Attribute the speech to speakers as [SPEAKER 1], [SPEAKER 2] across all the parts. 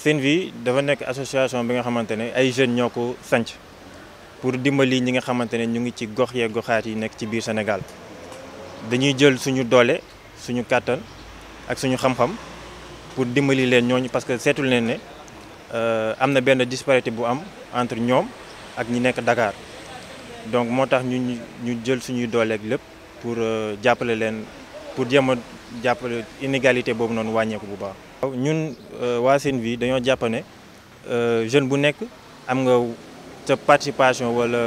[SPEAKER 1] Senvi dafa nekk association bi nga xamante ne ay jeunes pour dimbali ñi nga xamante ne ñu ngi ci gox ci biir Sénégal dañuy jël suñu dolé, suñu kàttan ak suñu xam pour dimbali leen ñooñu parce que seetul leen ne euh, am na benn disparité bu am entre Nyom ak ñi nekk Dakar donc moo tax ñu ñu jël suñuy dolé lépp pour euh, jàppale leen pour jéem a jàppale inégalité boobu noonu wàññeeku bu baax. waaw ñun euh, waa Sine Vie dañoo jàppane ne euh, jeune bu nekk am nga sa participation wala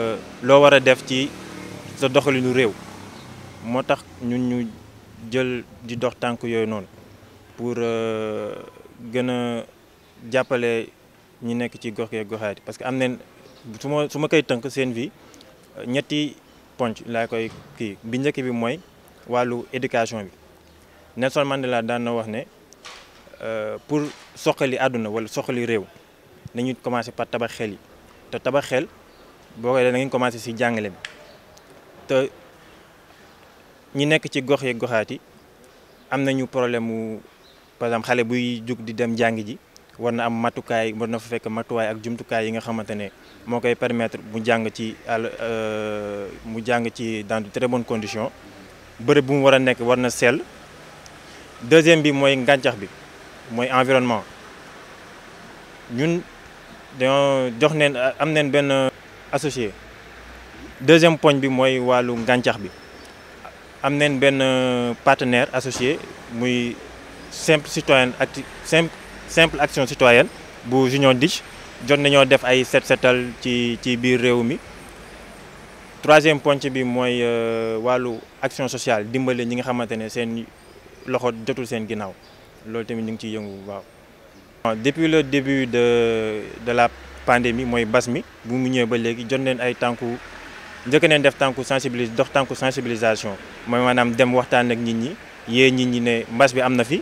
[SPEAKER 1] loo war a def ci sa doxalinu réew moo tax ñun ñu jël di dox tànk yooyu noonu pour gën a jàppale ñi nekk ci gox yee goxaat parce que am neen su ma su ma tënk Sine Vie ñetti. ponc la koy ki bi njëkk bi moy walu éducation bi Nelson Mandela da na wax né euh pour soqali aduna wala soqali réew nañu commencé par tabax xel yi te tabaxel xel boo koy def da ngeen commencé ci jàngale bi te ñi nekk ci gox yi goxati yi am nañu problème mu par exemple xale buy jug di dem jàng ji warna am matukaay war na fa fekk matuwaay ak jumtukaay yi nga xamante ne moo koy permettre mu jàng ci àll euh, mu jàng ci dans de très bonnes conditions bërëb bu mu war a nekk war na sell deuxième bi mooy ngàncax bi mooy environnement ñun dañoo jox neen am neen benn associé deuxième point bi mooy wàllu ngàncax bi am neen benn euh, partenaire associé muy simple citoyen acti simple simple action citoyenne bu Union dich jot nañoo def ay set setal ci ci biir réew mi troisième ponc bi moy euh, walu action sociale dimbalé ñi nga xamante ne seen loxo jotul sen ginnaw loolu tamit ñu ngi ciy yëngu waaw. depuis le début de de la pandémie moy basmi bu mu ñëw ba légui jot neen ay tanku ñëk neen def tanku sensibilisation dox tanku sensibilisation moy manam dem waxtaan ak nit ñi yée nit ñi né mbas bi amna fi.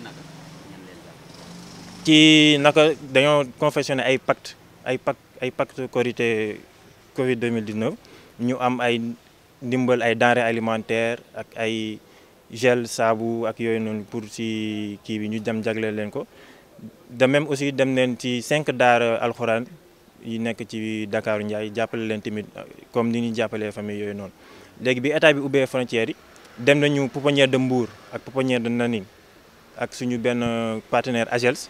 [SPEAKER 1] ci naka dañoo confectionné ay pacte ay pacte ay pacte Korité Covid 2019 ñu am ay ndimbal ay denrées alimentaires ak ay gel saabu ak yooyu noonu pour si kii bi ñu dem jagle leen ko de même aussi dem leen ci cinq daara alxuraan yi nekk ci Dakar Ndiaye jàppale leen tamit comme ni ñuy jàppalee famille yooyu noonu léegi bi état bi ubbee frontières yi dem nañu pouponnière de Mbour ak pouponnière de Nanning ak suñu benn partenaire AGELS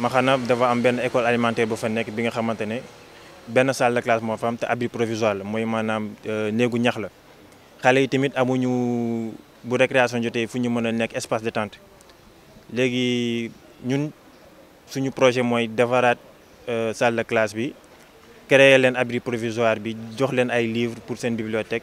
[SPEAKER 1] Maxana dafa am ben école alimentaire bu fa nekk bi nga xamantene ben salle de classe mo fam am te abri provisoire moy manam maanaam euh, ñax la xalé yi tamit amuñu bu récréation jotté fu ñu mën a nekk espace détente légui ñun suñu projet moy defaraat euh, salle de classe bi créer leen abri provisoire bi jox leen ay livres pour sen bibliothèque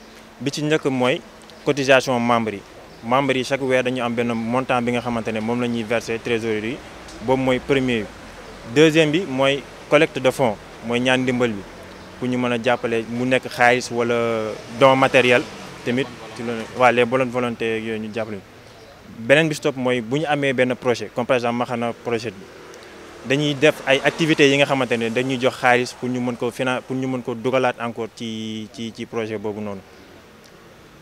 [SPEAKER 1] bi ci njëkk mooy cotisation membre yi membre yi chaque weer dañu am benn montant bi nga xamante ne moom verser trésorerie boobu mooy premier deuxième bi mooy collecte de fonds mooy ñaan ndimbal bi pour ñu mën a mu nekk xaalis wala don matériel tamit wa loolu bolon volonté bonnes volontés yooyu ñu jàppale beneen bi si topp mooy bu ñu projet comme par exemple projet bi dañuy def ay activités yi nga xamante ne dañuy jox xaalis pour ñu mën ko finan pour ñu mën ko dugalaat encore ci ci ci projet boobu noonu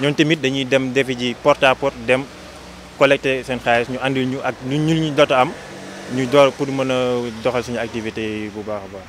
[SPEAKER 1] ñooñu tamit dañuy dem defi ji porte à porte dem collecter seen xaalis ñu andil ñu ak ñu ñu ñu jot am ñu door pour mën a doxal suñu activité bu baax a baax.